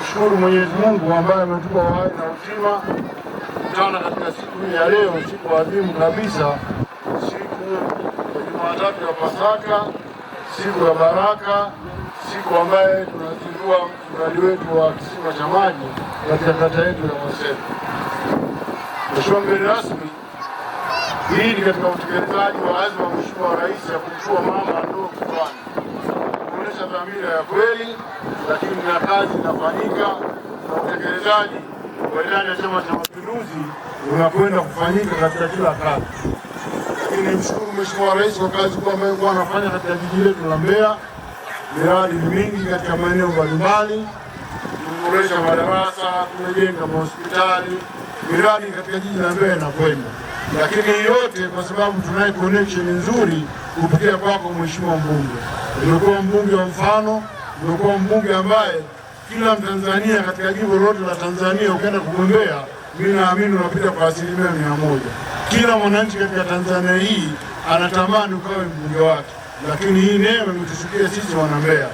kumshukuru Mwenyezi Mungu ambaye ametupa uhai na uzima kutana katika siku hii ya leo, siku adhimu kabisa, siku ya Jumatatu ya Pasaka, siku ya baraka, siku ambaye tunazindua mradi wetu wa kisima cha maji katika kata yetu ya Mwasebu. Mheshimiwa mgeni rasmi, hii ni katika utekelezaji wa azma ya Mheshimiwa Rais ya kumtua mama ndoo kifuani, kuonyesha dhamira ya kweli lakini na kazi inafanyika na utekelezaji wa ilani ya Chama cha Mapinduzi unakwenda kufanyika katika kila kata. Lakini nimshukuru Mheshimiwa Rais kwa kazi kubwa ambayo kwa anafanya katika jiji letu la Mbeya. Miradi ni mingi katika maeneo mbalimbali, tumeboresha madarasa, tumejenga mahospitali, miradi katika jiji la Mbeya inakwenda lakini yote kwa sababu tunaye connection nzuri kupitia kwako Mheshimiwa mbunge. Umekuwa mbunge wa mfano umekuwa mbunge ambaye kila Mtanzania katika jimbo lote la Tanzania ukienda kugombea, mimi naamini unapita kwa asilimia mia moja. Kila mwananchi katika Tanzania hii anatamani ukawe mbunge wake, lakini hii neema imetushukia sisi Wanambeya,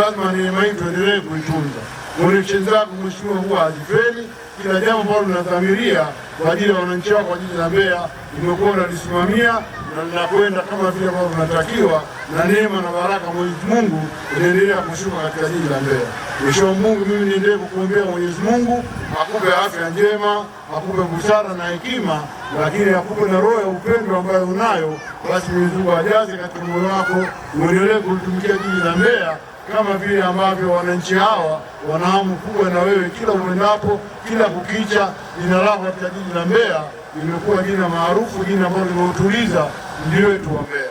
lazima neema hii tuendelee kuitunza. Eleksheni zako mheshimiwa, huwa hazifeli. Kila jambo ambalo unadhamiria kwa ajili ya wananchi wako kwa ya mbea Mbeya umekuwa unalisimamia na linakwenda kama vile ambavyo tunatakiwa, na neema na baraka Mwenyezi Mungu inaendelea kushuka katika jiji la Mbeya. Mwisho Mungu, mimi niendelee kukuombea Mwenyezi Mungu akupe afya njema, akupe busara na hekima, lakini akupe na roho ya upendo ambayo unayo. Basi Mwenyezi Mungu ajaze katika moyo wako, uendelee kulitumikia jiji la Mbeya kama vile ambavyo wananchi hawa wanahamu kubwa na wewe, kila mwendapo, kila kukicha, jina lako katika jiji la Mbeya limekuwa jina maarufu, jina ambalo limeutuliza mji wetu wa Mbeya.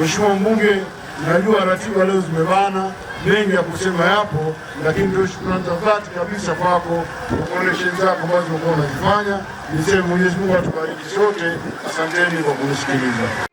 Mheshimiwa mbunge, najua ratiba leo zimebana, mengi ya kusema yapo, lakini ndio shukrani za dhati kabisa kwako koneshen zako ambazo umekuwa unazifanya. Niseme Mwenyezi Mungu atubariki sote. Asanteni kwa kunisikiliza.